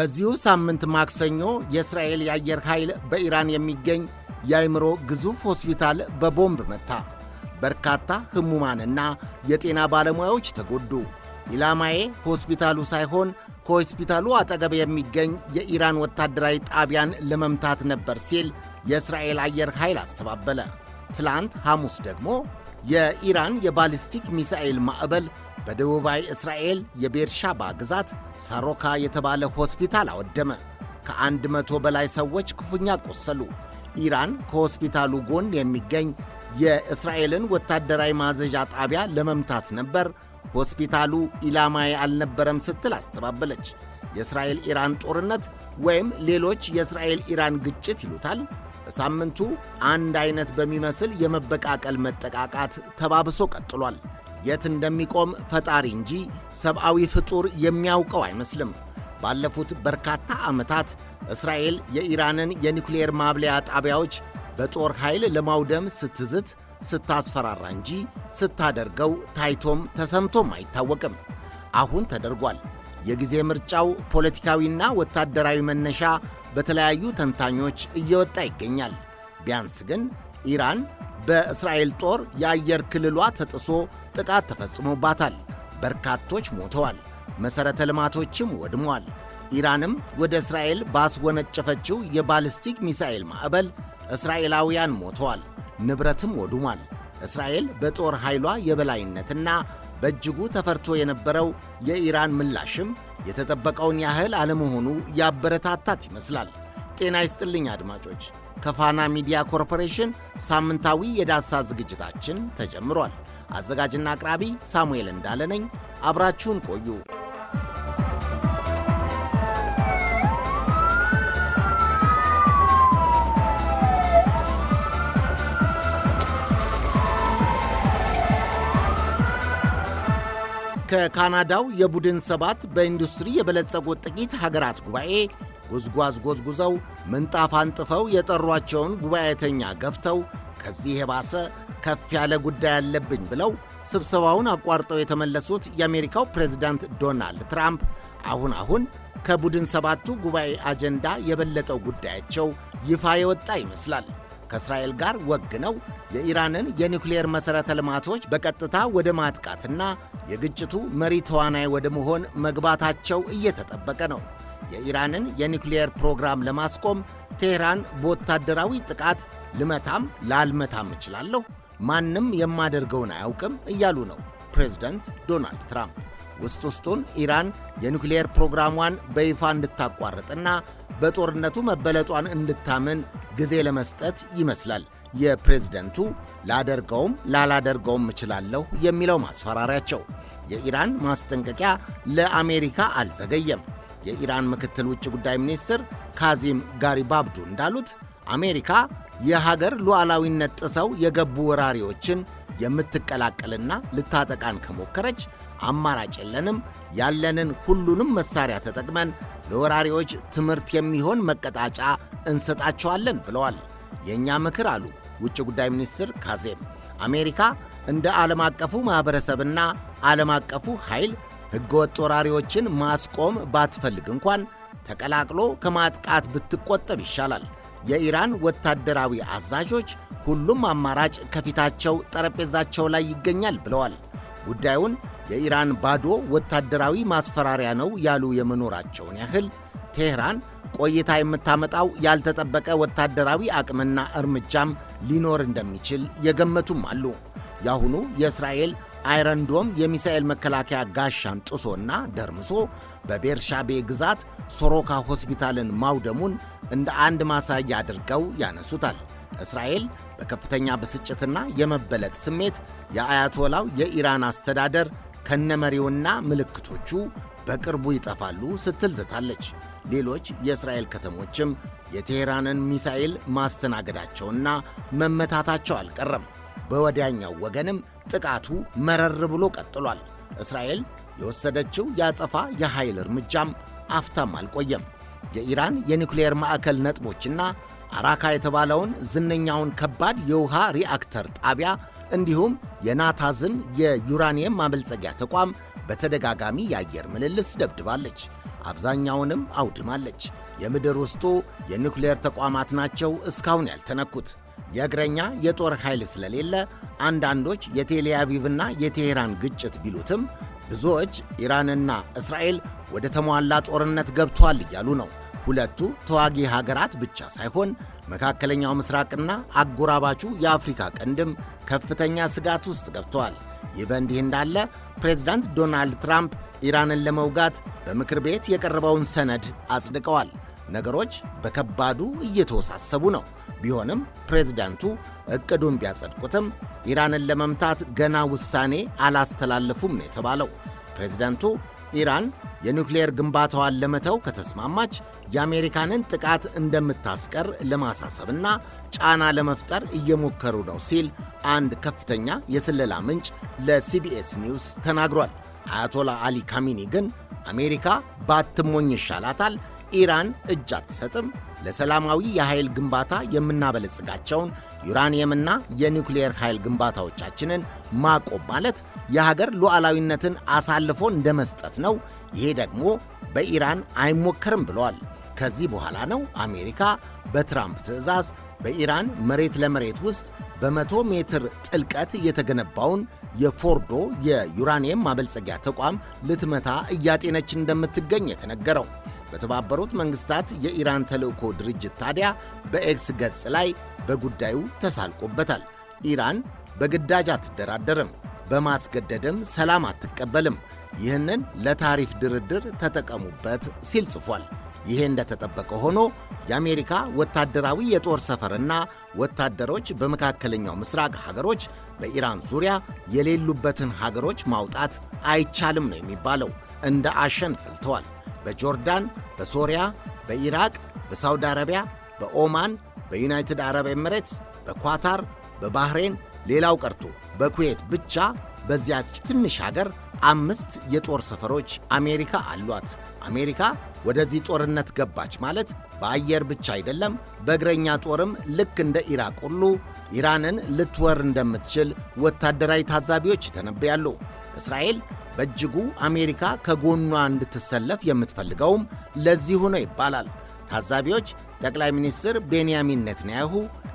በዚሁ ሳምንት ማክሰኞ የእስራኤል የአየር ኃይል በኢራን የሚገኝ የአይምሮ ግዙፍ ሆስፒታል በቦምብ መታ። በርካታ ሕሙማንና የጤና ባለሙያዎች ተጎዱ። ኢላማዬ ሆስፒታሉ ሳይሆን ከሆስፒታሉ አጠገብ የሚገኝ የኢራን ወታደራዊ ጣቢያን ለመምታት ነበር ሲል የእስራኤል አየር ኃይል አስተባበለ። ትላንት ሐሙስ ደግሞ የኢራን የባሊስቲክ ሚሳኤል ማዕበል በደቡባዊ እስራኤል የቤርሻባ ግዛት ሳሮካ የተባለ ሆስፒታል አወደመ። ከአንድ መቶ በላይ ሰዎች ክፉኛ ቆሰሉ። ኢራን ከሆስፒታሉ ጎን የሚገኝ የእስራኤልን ወታደራዊ ማዘዣ ጣቢያ ለመምታት ነበር፣ ሆስፒታሉ ኢላማዬ አልነበረም ስትል አስተባበለች። የእስራኤል ኢራን ጦርነት ወይም ሌሎች የእስራኤል ኢራን ግጭት ይሉታል። በሳምንቱ አንድ አይነት በሚመስል የመበቃቀል መጠቃቃት ተባብሶ ቀጥሏል። የት እንደሚቆም ፈጣሪ እንጂ ሰብአዊ ፍጡር የሚያውቀው አይመስልም። ባለፉት በርካታ ዓመታት እስራኤል የኢራንን የኒውክሌር ማብለያ ጣቢያዎች በጦር ኃይል ለማውደም ስትዝት፣ ስታስፈራራ እንጂ ስታደርገው ታይቶም ተሰምቶም አይታወቅም። አሁን ተደርጓል። የጊዜ ምርጫው ፖለቲካዊና ወታደራዊ መነሻ በተለያዩ ተንታኞች እየወጣ ይገኛል። ቢያንስ ግን ኢራን በእስራኤል ጦር የአየር ክልሏ ተጥሶ ጥቃት ተፈጽሞባታል። በርካቶች ሞተዋል፣ መሠረተ ልማቶችም ወድመዋል። ኢራንም ወደ እስራኤል ባስወነጨፈችው የባልስቲክ ሚሳኤል ማዕበል እስራኤላውያን ሞተዋል፣ ንብረትም ወድሟል። እስራኤል በጦር ኃይሏ የበላይነትና በእጅጉ ተፈርቶ የነበረው የኢራን ምላሽም የተጠበቀውን ያህል አለመሆኑ ያበረታታት ይመስላል። ጤና ይስጥልኝ አድማጮች። ከፋና ሚዲያ ኮርፖሬሽን ሳምንታዊ የዳሰሳ ዝግጅታችን ተጀምሯል። አዘጋጅና አቅራቢ ሳሙኤል እንዳለ ነኝ። አብራችሁን ቆዩ። ከካናዳው የቡድን ሰባት በኢንዱስትሪ የበለጸጉት ጥቂት ሀገራት ጉባኤ ጉዝጓዝ ጎዝጉዘው ምንጣፍ አንጥፈው የጠሯቸውን ጉባኤተኛ ገፍተው ከዚህ የባሰ ከፍ ያለ ጉዳይ አለብኝ ብለው ስብሰባውን አቋርጠው የተመለሱት የአሜሪካው ፕሬዝዳንት ዶናልድ ትራምፕ አሁን አሁን ከቡድን ሰባቱ ጉባኤ አጀንዳ የበለጠው ጉዳያቸው ይፋ የወጣ ይመስላል። ከእስራኤል ጋር ወግነው የኢራንን የኒውክሌየር መሠረተ ልማቶች በቀጥታ ወደ ማጥቃትና የግጭቱ መሪ ተዋናይ ወደ መሆን መግባታቸው እየተጠበቀ ነው። የኢራንን የኒውክሊየር ፕሮግራም ለማስቆም ቴህራን በወታደራዊ ጥቃት ልመታም ላልመታም እችላለሁ፣ ማንም የማደርገውን አያውቅም እያሉ ነው ፕሬዝደንት ዶናልድ ትራምፕ። ውስጥ ውስጡን ኢራን የኒውክሊየር ፕሮግራሟን በይፋ እንድታቋርጥና በጦርነቱ መበለጧን እንድታምን ጊዜ ለመስጠት ይመስላል የፕሬዝደንቱ ላደርገውም ላላደርገውም እችላለሁ የሚለው ማስፈራሪያቸው። የኢራን ማስጠንቀቂያ ለአሜሪካ አልዘገየም። የኢራን ምክትል ውጭ ጉዳይ ሚኒስትር ካዚም ጋሪባብዱ እንዳሉት አሜሪካ የሀገር ሉዓላዊነት ጥሰው የገቡ ወራሪዎችን የምትቀላቀልና ልታጠቃን ከሞከረች አማራጭ የለንም፣ ያለንን ሁሉንም መሳሪያ ተጠቅመን ለወራሪዎች ትምህርት የሚሆን መቀጣጫ እንሰጣቸዋለን ብለዋል። የእኛ ምክር አሉ ውጭ ጉዳይ ሚኒስትር ካዜም አሜሪካ እንደ ዓለም አቀፉ ማኅበረሰብና ዓለም አቀፉ ኃይል ሕገወጥ ወራሪዎችን ማስቆም ባትፈልግ እንኳን ተቀላቅሎ ከማጥቃት ብትቆጠብ ይሻላል። የኢራን ወታደራዊ አዛዦች ሁሉም አማራጭ ከፊታቸው ጠረጴዛቸው ላይ ይገኛል ብለዋል። ጉዳዩን የኢራን ባዶ ወታደራዊ ማስፈራሪያ ነው ያሉ የመኖራቸውን ያህል ቴህራን ቆይታ የምታመጣው ያልተጠበቀ ወታደራዊ አቅምና እርምጃም ሊኖር እንደሚችል የገመቱም አሉ። የአሁኑ የእስራኤል አይረንዶም የሚሳኤል መከላከያ ጋሻን ጥሶና ደርምሶ በቤርሻቤ ግዛት ሶሮካ ሆስፒታልን ማውደሙን እንደ አንድ ማሳያ አድርገው ያነሱታል። እስራኤል በከፍተኛ ብስጭትና የመበለጥ ስሜት የአያቶላው የኢራን አስተዳደር ከነመሪውና ምልክቶቹ በቅርቡ ይጠፋሉ ስትል ዝታለች። ሌሎች የእስራኤል ከተሞችም የቴሄራንን ሚሳኤል ማስተናገዳቸውና መመታታቸው አልቀረም። በወዲያኛው ወገንም ጥቃቱ መረር ብሎ ቀጥሏል። እስራኤል የወሰደችው የአጸፋ የኃይል እርምጃም አፍታም አልቆየም። የኢራን የኒውክሌየር ማዕከል ነጥቦችና አራካ የተባለውን ዝነኛውን ከባድ የውሃ ሪአክተር ጣቢያ እንዲሁም የናታዝን የዩራኒየም ማበልጸጊያ ተቋም በተደጋጋሚ የአየር ምልልስ ደብድባለች። አብዛኛውንም አውድማለች። የምድር ውስጡ የኒውክሌየር ተቋማት ናቸው እስካሁን ያልተነኩት። የእግረኛ የጦር ኃይል ስለሌለ አንዳንዶች የቴልአቪቭና የቴሄራን ግጭት ቢሉትም ብዙዎች ኢራንና እስራኤል ወደ ተሟላ ጦርነት ገብቷል እያሉ ነው። ሁለቱ ተዋጊ ሀገራት ብቻ ሳይሆን መካከለኛው ምስራቅና አጎራባቹ የአፍሪካ ቀንድም ከፍተኛ ስጋት ውስጥ ገብተዋል። ይህ በእንዲህ እንዳለ ፕሬዚዳንት ዶናልድ ትራምፕ ኢራንን ለመውጋት በምክር ቤት የቀረበውን ሰነድ አጽድቀዋል። ነገሮች በከባዱ እየተወሳሰቡ ነው። ቢሆንም ፕሬዝዳንቱ እቅዱን ቢያጸድቁትም ኢራንን ለመምታት ገና ውሳኔ አላስተላለፉም ነው የተባለው። ፕሬዝዳንቱ ኢራን የኒውክሌየር ግንባታዋን ለመተው ከተስማማች የአሜሪካንን ጥቃት እንደምታስቀር ለማሳሰብና ጫና ለመፍጠር እየሞከሩ ነው ሲል አንድ ከፍተኛ የስለላ ምንጭ ለሲቢኤስ ኒውስ ተናግሯል። አያቶላ አሊ ካሚኒ ግን አሜሪካ ባትሞኝ ይሻላታል፣ ኢራን እጅ አትሰጥም ለሰላማዊ የኃይል ግንባታ የምናበለጽጋቸውን ዩራኒየምና የኒውክሌየር ኃይል ግንባታዎቻችንን ማቆም ማለት የሀገር ሉዓላዊነትን አሳልፎ እንደ መስጠት ነው። ይሄ ደግሞ በኢራን አይሞከርም ብለዋል። ከዚህ በኋላ ነው አሜሪካ በትራምፕ ትዕዛዝ በኢራን መሬት ለመሬት ውስጥ በመቶ ሜትር ጥልቀት የተገነባውን የፎርዶ የዩራኒየም ማበልጸጊያ ተቋም ልትመታ እያጤነች እንደምትገኝ የተነገረው። በተባበሩት መንግስታት የኢራን ተልእኮ ድርጅት ታዲያ በኤክስ ገጽ ላይ በጉዳዩ ተሳልቆበታል። ኢራን በግዳጅ አትደራደርም፣ በማስገደድም ሰላም አትቀበልም፣ ይህንን ለታሪፍ ድርድር ተጠቀሙበት ሲል ጽፏል። ይሄ እንደተጠበቀ ሆኖ የአሜሪካ ወታደራዊ የጦር ሰፈርና ወታደሮች በመካከለኛው ምስራቅ ሀገሮች በኢራን ዙሪያ የሌሉበትን ሀገሮች ማውጣት አይቻልም ነው የሚባለው። እንደ አሸን ፈልተዋል። በጆርዳን፣ በሶሪያ፣ በኢራቅ፣ በሳውዲ አረቢያ፣ በኦማን፣ በዩናይትድ አረብ ኤምሬትስ፣ በኳታር፣ በባህሬን፣ ሌላው ቀርቶ በኩዌት ብቻ በዚያች ትንሽ ሀገር አምስት የጦር ሰፈሮች አሜሪካ አሏት። አሜሪካ ወደዚህ ጦርነት ገባች ማለት በአየር ብቻ አይደለም፣ በእግረኛ ጦርም ልክ እንደ ኢራቅ ሁሉ ኢራንን ልትወር እንደምትችል ወታደራዊ ታዛቢዎች ይተነብያሉ። እስራኤል በእጅጉ አሜሪካ ከጎኗ እንድትሰለፍ የምትፈልገውም ለዚሁ ነው ይባላል። ታዛቢዎች ጠቅላይ ሚኒስትር ቤንያሚን ኔትንያሁ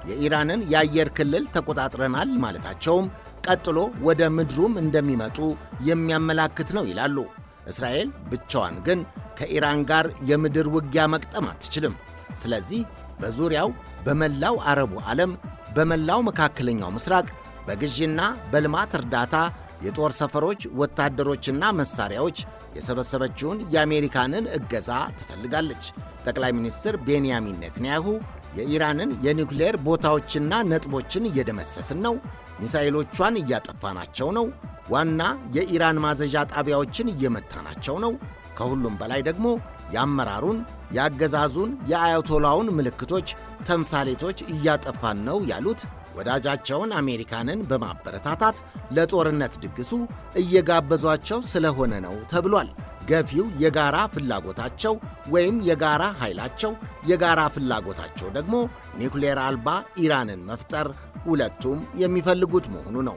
የኢራንን የአየር ክልል ተቆጣጥረናል ማለታቸውም ቀጥሎ ወደ ምድሩም እንደሚመጡ የሚያመላክት ነው ይላሉ። እስራኤል ብቻዋን ግን ከኢራን ጋር የምድር ውጊያ መቅጠም አትችልም። ስለዚህ በዙሪያው በመላው አረቡ ዓለም፣ በመላው መካከለኛው ምስራቅ በግዢና በልማት እርዳታ የጦር ሰፈሮች፣ ወታደሮችና መሳሪያዎች የሰበሰበችውን የአሜሪካንን እገዛ ትፈልጋለች። ጠቅላይ ሚኒስትር ቤንያሚን ኔትንያሁ የኢራንን የኒውክሌር ቦታዎችና ነጥቦችን እየደመሰስን ነው፣ ሚሳይሎቿን እያጠፋናቸው ነው፣ ዋና የኢራን ማዘዣ ጣቢያዎችን እየመታናቸው ነው፣ ከሁሉም በላይ ደግሞ የአመራሩን የአገዛዙን የአያቶላውን ምልክቶች ተምሳሌቶች እያጠፋን ነው ያሉት ወዳጃቸውን አሜሪካንን በማበረታታት ለጦርነት ድግሱ እየጋበዟቸው ስለሆነ ነው ተብሏል። ገፊው የጋራ ፍላጎታቸው ወይም የጋራ ኃይላቸው፣ የጋራ ፍላጎታቸው ደግሞ ኒውክሌር አልባ ኢራንን መፍጠር ሁለቱም የሚፈልጉት መሆኑ ነው።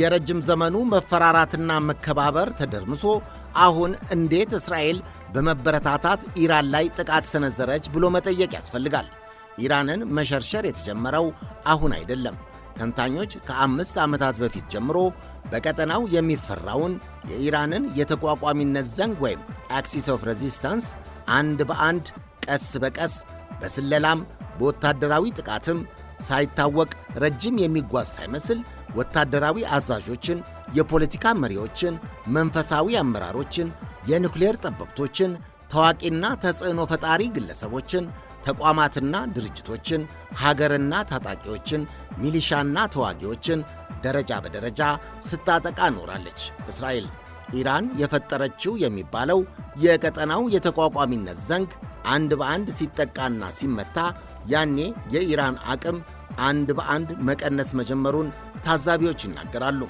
የረጅም ዘመኑ መፈራራትና መከባበር ተደርምሶ አሁን እንዴት እስራኤል በመበረታታት ኢራን ላይ ጥቃት ሰነዘረች ብሎ መጠየቅ ያስፈልጋል። ኢራንን መሸርሸር የተጀመረው አሁን አይደለም። ተንታኞች ከአምስት ዓመታት በፊት ጀምሮ በቀጠናው የሚፈራውን የኢራንን የተቋቋሚነት ዘንግ ወይም አክሲስ ኦፍ ሬዚስታንስ አንድ በአንድ ቀስ በቀስ በስለላም በወታደራዊ ጥቃትም ሳይታወቅ ረጅም የሚጓዝ ሳይመስል ወታደራዊ አዛዦችን፣ የፖለቲካ መሪዎችን፣ መንፈሳዊ አመራሮችን፣ የኑክሌር ጠበብቶችን፣ ታዋቂና ተጽዕኖ ፈጣሪ ግለሰቦችን፣ ተቋማትና ድርጅቶችን፣ ሀገርና ታጣቂዎችን፣ ሚሊሻና ተዋጊዎችን ደረጃ በደረጃ ስታጠቃ ኖራለች። እስራኤል ኢራን የፈጠረችው የሚባለው የቀጠናው የተቋቋሚነት ዘንግ አንድ በአንድ ሲጠቃና ሲመታ ያኔ የኢራን አቅም አንድ በአንድ መቀነስ መጀመሩን ታዛቢዎች ይናገራሉ።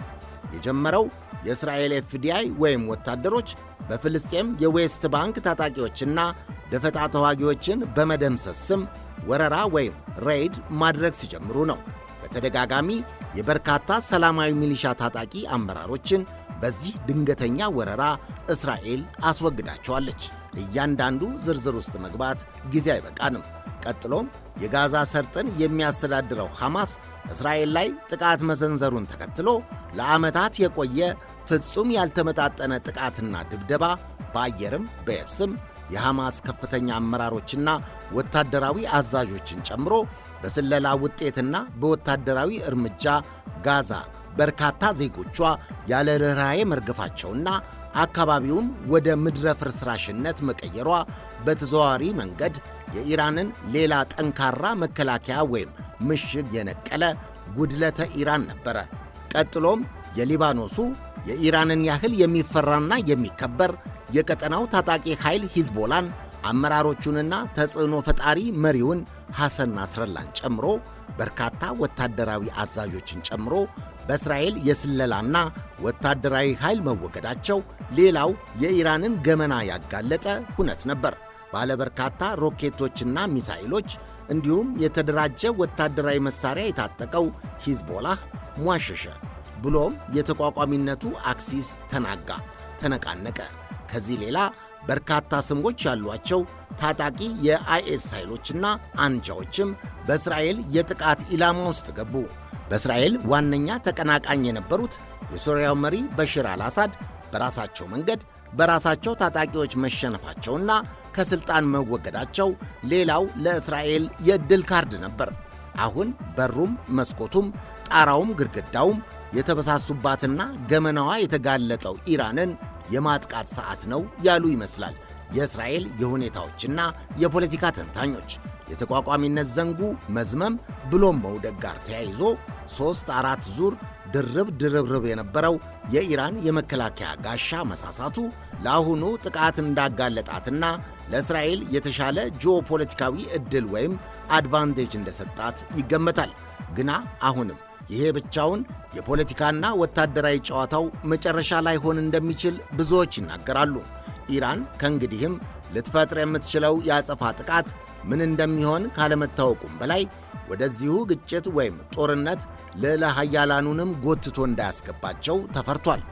የጀመረው የእስራኤል ኤፍዲአይ ወይም ወታደሮች በፍልስጤም የዌስት ባንክ ታጣቂዎችና ደፈጣ ተዋጊዎችን በመደምሰስ ስም ወረራ ወይም ሬይድ ማድረግ ሲጀምሩ ነው። በተደጋጋሚ የበርካታ ሰላማዊ ሚሊሻ ታጣቂ አመራሮችን በዚህ ድንገተኛ ወረራ እስራኤል አስወግዳቸዋለች። እያንዳንዱ ዝርዝር ውስጥ መግባት ጊዜ አይበቃንም። ቀጥሎም የጋዛ ሰርጥን የሚያስተዳድረው ሐማስ እስራኤል ላይ ጥቃት መሰንዘሩን ተከትሎ ለዓመታት የቆየ ፍጹም ያልተመጣጠነ ጥቃትና ድብደባ በአየርም በየብስም የሐማስ ከፍተኛ አመራሮችና ወታደራዊ አዛዦችን ጨምሮ በስለላ ውጤትና በወታደራዊ እርምጃ ጋዛ በርካታ ዜጎቿ ያለ ርኅራዬ መርገፋቸውና አካባቢውን ወደ ምድረ ፍርስራሽነት መቀየሯ በተዘዋዋሪ መንገድ የኢራንን ሌላ ጠንካራ መከላከያ ወይም ምሽግ የነቀለ ጉድለተ ኢራን ነበረ። ቀጥሎም የሊባኖሱ የኢራንን ያህል የሚፈራና የሚከበር የቀጠናው ታጣቂ ኃይል ሂዝቦላን አመራሮቹንና ተጽዕኖ ፈጣሪ መሪውን ሐሰን ናስረላን ጨምሮ በርካታ ወታደራዊ አዛዦችን ጨምሮ በእስራኤል የስለላና ወታደራዊ ኃይል መወገዳቸው ሌላው የኢራንን ገመና ያጋለጠ ሁነት ነበር። ባለበርካታ ሮኬቶችና ሚሳይሎች እንዲሁም የተደራጀ ወታደራዊ መሳሪያ የታጠቀው ሂዝቦላህ ሟሸሸ። ብሎም የተቋቋሚነቱ አክሲስ ተናጋ፣ ተነቃነቀ። ከዚህ ሌላ በርካታ ስሞች ያሏቸው ታጣቂ የአይኤስ ኃይሎችና አንጃዎችም በእስራኤል የጥቃት ኢላማ ውስጥ ገቡ። በእስራኤል ዋነኛ ተቀናቃኝ የነበሩት የሶሪያው መሪ በሽር አልአሳድ በራሳቸው መንገድ በራሳቸው ታጣቂዎች መሸነፋቸውና ከስልጣን መወገዳቸው ሌላው ለእስራኤል የድል ካርድ ነበር። አሁን በሩም መስኮቱም ጣራውም ግድግዳውም የተበሳሱባትና ገመናዋ የተጋለጠው ኢራንን የማጥቃት ሰዓት ነው ያሉ ይመስላል የእስራኤል የሁኔታዎችና የፖለቲካ ተንታኞች። የተቋቋሚነት ዘንጉ መዝመም ብሎም መውደቅ ጋር ተያይዞ ሦስት አራት ዙር ድርብ ድርብርብ የነበረው የኢራን የመከላከያ ጋሻ መሳሳቱ ለአሁኑ ጥቃት እንዳጋለጣትና ለእስራኤል የተሻለ ጂኦፖለቲካዊ ዕድል ወይም አድቫንቴጅ እንደሰጣት ይገመታል። ግና አሁንም ይሄ ብቻውን የፖለቲካና ወታደራዊ ጨዋታው መጨረሻ ላይሆን እንደሚችል ብዙዎች ይናገራሉ። ኢራን ከእንግዲህም ልትፈጥር የምትችለው የአጸፋ ጥቃት ምን እንደሚሆን ካለመታወቁም በላይ ወደዚሁ ግጭት ወይም ጦርነት ልዕለ ሀያላኑንም ጎትቶ እንዳያስገባቸው ተፈርቷል።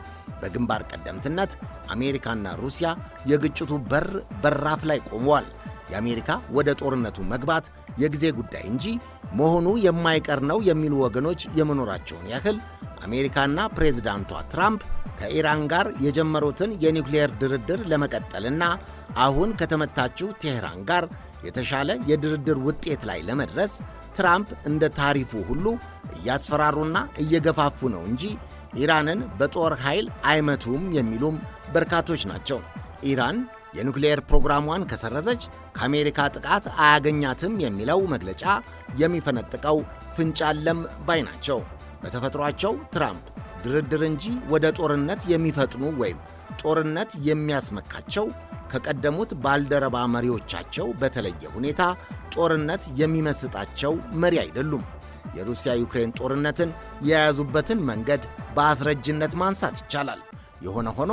በግንባር ቀደምትነት አሜሪካና ሩሲያ የግጭቱ በር በራፍ ላይ ቆመዋል። የአሜሪካ ወደ ጦርነቱ መግባት የጊዜ ጉዳይ እንጂ መሆኑ የማይቀር ነው የሚሉ ወገኖች የመኖራቸውን ያህል አሜሪካና ፕሬዝዳንቷ ትራምፕ ከኢራን ጋር የጀመሩትን የኒውክሌየር ድርድር ለመቀጠልና አሁን ከተመታችው ቴህራን ጋር የተሻለ የድርድር ውጤት ላይ ለመድረስ ትራምፕ እንደ ታሪፉ ሁሉ እያስፈራሩና እየገፋፉ ነው እንጂ ኢራንን በጦር ኃይል አይመቱም የሚሉም በርካቶች ናቸው። ኢራን የኑክሌየር ፕሮግራሟን ከሰረዘች ከአሜሪካ ጥቃት አያገኛትም የሚለው መግለጫ የሚፈነጥቀው ፍንጫለም ባይ ናቸው። በተፈጥሯቸው ትራምፕ ድርድር እንጂ ወደ ጦርነት የሚፈጥኑ ወይም ጦርነት የሚያስመካቸው ከቀደሙት ባልደረባ መሪዎቻቸው በተለየ ሁኔታ ጦርነት የሚመስጣቸው መሪ አይደሉም። የሩሲያ ዩክሬን ጦርነትን የያዙበትን መንገድ በአስረጅነት ማንሳት ይቻላል። የሆነ ሆኖ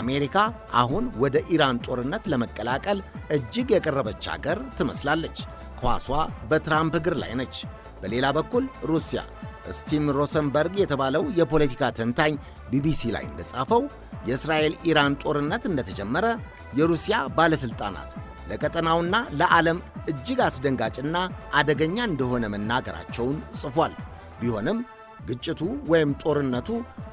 አሜሪካ አሁን ወደ ኢራን ጦርነት ለመቀላቀል እጅግ የቀረበች አገር ትመስላለች። ኳሷ በትራምፕ እግር ላይ ነች። በሌላ በኩል ሩሲያ ስቲም ሮሰንበርግ የተባለው የፖለቲካ ተንታኝ ቢቢሲ ላይ እንደጻፈው የእስራኤል ኢራን ጦርነት እንደተጀመረ የሩሲያ ባለሥልጣናት ለቀጠናውና ለዓለም እጅግ አስደንጋጭና አደገኛ እንደሆነ መናገራቸውን ጽፏል። ቢሆንም ግጭቱ ወይም ጦርነቱ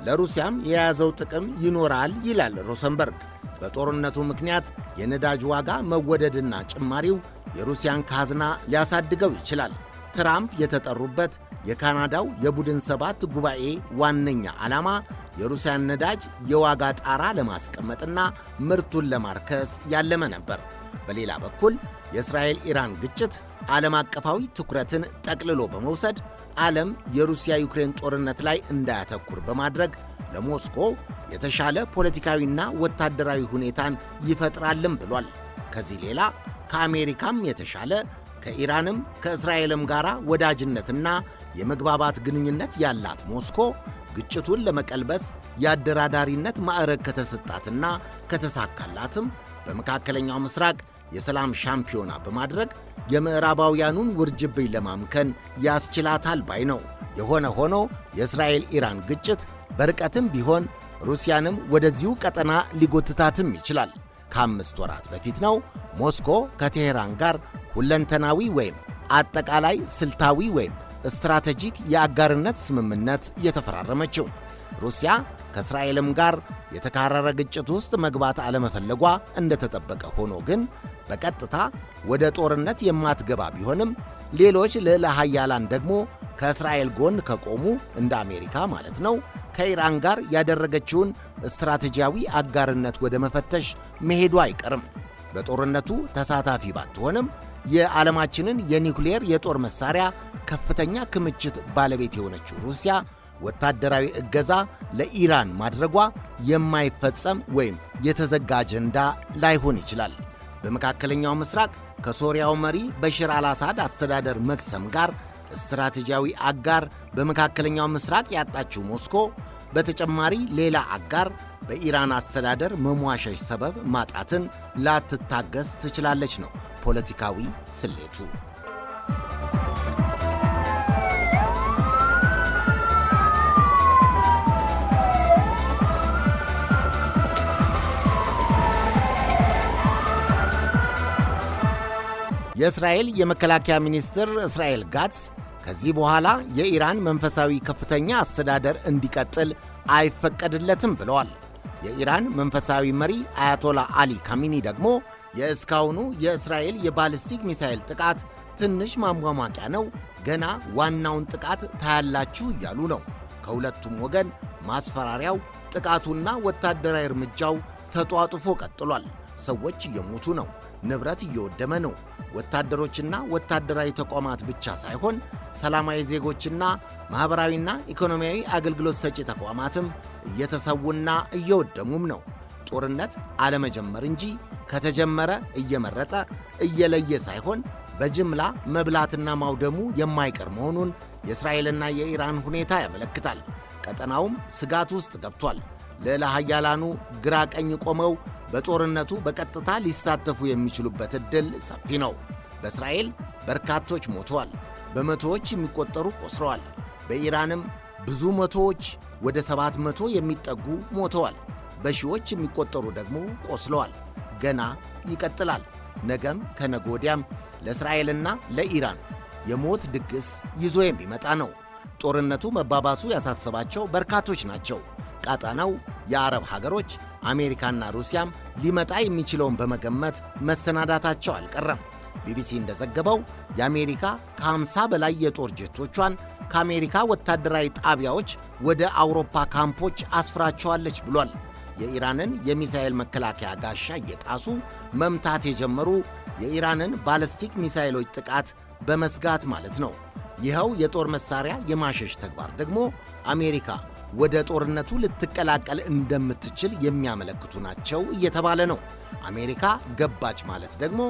ለሩሲያም የያዘው ጥቅም ይኖራል ይላል ሮሰንበርግ። በጦርነቱ ምክንያት የነዳጅ ዋጋ መወደድና ጭማሪው የሩሲያን ካዝና ሊያሳድገው ይችላል። ትራምፕ የተጠሩበት የካናዳው የቡድን ሰባት ጉባኤ ዋነኛ ዓላማ የሩሲያን ነዳጅ የዋጋ ጣራ ለማስቀመጥና ምርቱን ለማርከስ ያለመ ነበር። በሌላ በኩል የእስራኤል ኢራን ግጭት ዓለም አቀፋዊ ትኩረትን ጠቅልሎ በመውሰድ ዓለም የሩሲያ ዩክሬን ጦርነት ላይ እንዳያተኩር በማድረግ ለሞስኮ የተሻለ ፖለቲካዊና ወታደራዊ ሁኔታን ይፈጥራልም ብሏል። ከዚህ ሌላ ከአሜሪካም የተሻለ ከኢራንም ከእስራኤልም ጋር ወዳጅነትና የመግባባት ግንኙነት ያላት ሞስኮ ግጭቱን ለመቀልበስ የአደራዳሪነት ማዕረግ ከተሰጣትና ከተሳካላትም በመካከለኛው ምስራቅ የሰላም ሻምፒዮና በማድረግ የምዕራባውያኑን ውርጅብኝ ለማምከን ያስችላታል ባይ ነው። የሆነ ሆኖ የእስራኤል ኢራን ግጭት በርቀትም ቢሆን ሩሲያንም ወደዚሁ ቀጠና ሊጎትታትም ይችላል። ከአምስት ወራት በፊት ነው ሞስኮ ከቴሄራን ጋር ሁለንተናዊ ወይም አጠቃላይ ስልታዊ ወይም ስትራቴጂክ የአጋርነት ስምምነት የተፈራረመችው ሩሲያ ከእስራኤልም ጋር የተካረረ ግጭት ውስጥ መግባት አለመፈለጓ እንደተጠበቀ ሆኖ ግን በቀጥታ ወደ ጦርነት የማትገባ ቢሆንም ሌሎች ልዕለ ሀያላን ደግሞ ከእስራኤል ጎን ከቆሙ እንደ አሜሪካ ማለት ነው ከኢራን ጋር ያደረገችውን ስትራቴጂያዊ አጋርነት ወደ መፈተሽ መሄዱ አይቀርም። በጦርነቱ ተሳታፊ ባትሆንም የዓለማችንን የኒውክሌየር የጦር መሳሪያ ከፍተኛ ክምችት ባለቤት የሆነችው ሩሲያ ወታደራዊ እገዛ ለኢራን ማድረጓ የማይፈጸም ወይም የተዘጋ አጀንዳ ላይሆን ይችላል። በመካከለኛው ምስራቅ ከሶሪያው መሪ በሽር አልአሳድ አስተዳደር መክሰም ጋር ስትራቴጂያዊ አጋር በመካከለኛው ምስራቅ ያጣችው ሞስኮ በተጨማሪ ሌላ አጋር በኢራን አስተዳደር መሟሸሽ ሰበብ ማጣትን ላትታገስ ትችላለች ነው ፖለቲካዊ ስሌቱ የእስራኤል የመከላከያ ሚኒስትር እስራኤል ጋትስ ከዚህ በኋላ የኢራን መንፈሳዊ ከፍተኛ አስተዳደር እንዲቀጥል አይፈቀድለትም ብለዋል። የኢራን መንፈሳዊ መሪ አያቶላ አሊ ካሚኒ ደግሞ የእስካሁኑ የእስራኤል የባልስቲክ ሚሳኤል ጥቃት ትንሽ ማሟሟቂያ ነው፣ ገና ዋናውን ጥቃት ታያላችሁ እያሉ ነው። ከሁለቱም ወገን ማስፈራሪያው፣ ጥቃቱና ወታደራዊ እርምጃው ተጧጡፎ ቀጥሏል። ሰዎች እየሞቱ ነው። ንብረት እየወደመ ነው። ወታደሮችና ወታደራዊ ተቋማት ብቻ ሳይሆን ሰላማዊ ዜጎችና ማኅበራዊና ኢኮኖሚያዊ አገልግሎት ሰጪ ተቋማትም እየተሰዉና እየወደሙም ነው። ጦርነት አለመጀመር እንጂ ከተጀመረ እየመረጠ እየለየ ሳይሆን በጅምላ መብላትና ማውደሙ የማይቀር መሆኑን የእስራኤልና የኢራን ሁኔታ ያመለክታል። ቀጠናውም ስጋት ውስጥ ገብቷል። ልዕለ ኃያላኑ ግራ ቀኝ ቆመው በጦርነቱ በቀጥታ ሊሳተፉ የሚችሉበት ዕድል ሰፊ ነው። በእስራኤል በርካቶች ሞተዋል፣ በመቶዎች የሚቆጠሩ ቆስረዋል። በኢራንም ብዙ መቶዎች ወደ ሰባት መቶ የሚጠጉ ሞተዋል። በሺዎች የሚቆጠሩ ደግሞ ቆስለዋል። ገና ይቀጥላል። ነገም ከነጎዲያም ለእስራኤልና ለኢራን የሞት ድግስ ይዞ የሚመጣ ነው። ጦርነቱ መባባሱ ያሳሰባቸው በርካቶች ናቸው። ቃጣናው የአረብ ሀገሮች አሜሪካና ሩሲያም ሊመጣ የሚችለውን በመገመት መሰናዳታቸው አልቀረም። ቢቢሲ እንደዘገበው የአሜሪካ ከ50 በላይ የጦር ጀቶቿን ከአሜሪካ ወታደራዊ ጣቢያዎች ወደ አውሮፓ ካምፖች አስፍራቸዋለች ብሏል። የኢራንን የሚሳኤል መከላከያ ጋሻ እየጣሱ መምታት የጀመሩ የኢራንን ባለስቲክ ሚሳኤሎች ጥቃት በመስጋት ማለት ነው። ይኸው የጦር መሳሪያ የማሸሽ ተግባር ደግሞ አሜሪካ ወደ ጦርነቱ ልትቀላቀል እንደምትችል የሚያመለክቱ ናቸው እየተባለ ነው። አሜሪካ ገባች ማለት ደግሞ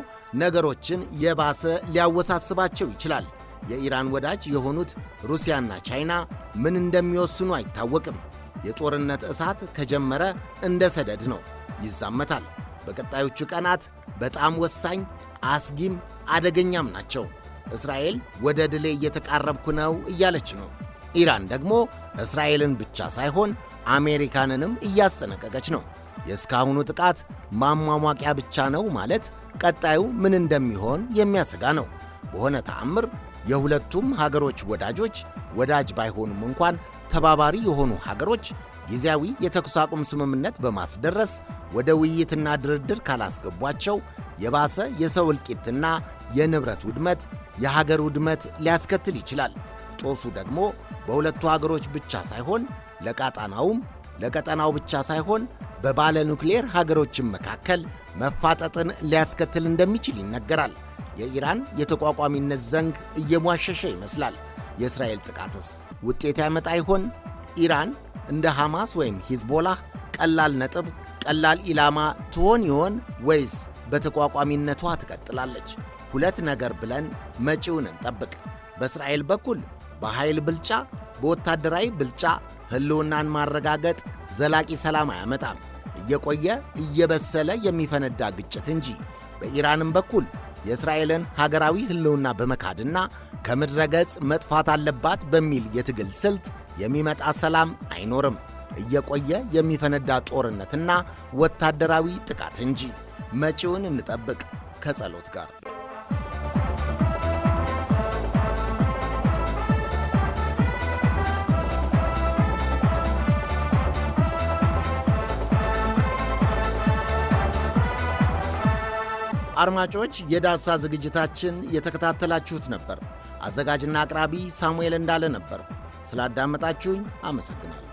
ነገሮችን የባሰ ሊያወሳስባቸው ይችላል። የኢራን ወዳጅ የሆኑት ሩሲያና ቻይና ምን እንደሚወስኑ አይታወቅም። የጦርነት እሳት ከጀመረ እንደ ሰደድ ነው፣ ይዛመታል። በቀጣዮቹ ቀናት በጣም ወሳኝ አስጊም አደገኛም ናቸው። እስራኤል ወደ ድሌ እየተቃረብኩ ነው እያለች ነው። ኢራን ደግሞ እስራኤልን ብቻ ሳይሆን አሜሪካንንም እያስጠነቀቀች ነው። የእስካሁኑ ጥቃት ማሟሟቂያ ብቻ ነው ማለት ቀጣዩ ምን እንደሚሆን የሚያሰጋ ነው። በሆነ ተአምር የሁለቱም ሀገሮች ወዳጆች ወዳጅ ባይሆኑም እንኳን ተባባሪ የሆኑ ሀገሮች ጊዜያዊ የተኩስ አቁም ስምምነት በማስደረስ ወደ ውይይትና ድርድር ካላስገቧቸው የባሰ የሰው እልቂትና የንብረት ውድመት፣ የሀገር ውድመት ሊያስከትል ይችላል። ጦሱ ደግሞ በሁለቱ ሀገሮች ብቻ ሳይሆን ለቀጣናውም ለቀጠናው ብቻ ሳይሆን በባለ ኑክሌር ሀገሮችን መካከል መፋጠጥን ሊያስከትል እንደሚችል ይነገራል። የኢራን የተቋቋሚነት ዘንግ እየሟሸሸ ይመስላል። የእስራኤል ጥቃትስ ውጤት ያመጣ ይሆን? ኢራን እንደ ሐማስ ወይም ሂዝቦላህ ቀላል ነጥብ፣ ቀላል ኢላማ ትሆን ይሆን ወይስ በተቋቋሚነቷ ትቀጥላለች? ሁለት ነገር ብለን መጪውን እንጠብቅ። በእስራኤል በኩል በኃይል ብልጫ፣ በወታደራዊ ብልጫ ህልውናን ማረጋገጥ ዘላቂ ሰላም አያመጣም፣ እየቆየ እየበሰለ የሚፈነዳ ግጭት እንጂ። በኢራንም በኩል የእስራኤልን ሀገራዊ ህልውና በመካድና ከምድረ ገጽ መጥፋት አለባት በሚል የትግል ስልት የሚመጣ ሰላም አይኖርም፣ እየቆየ የሚፈነዳ ጦርነትና ወታደራዊ ጥቃት እንጂ። መጪውን እንጠብቅ ከጸሎት ጋር። አድማጮች፣ የዳሳ ዝግጅታችን የተከታተላችሁት ነበር። አዘጋጅና አቅራቢ ሳሙኤል እንዳለ ነበር። ስላዳመጣችሁኝ አመሰግናለሁ።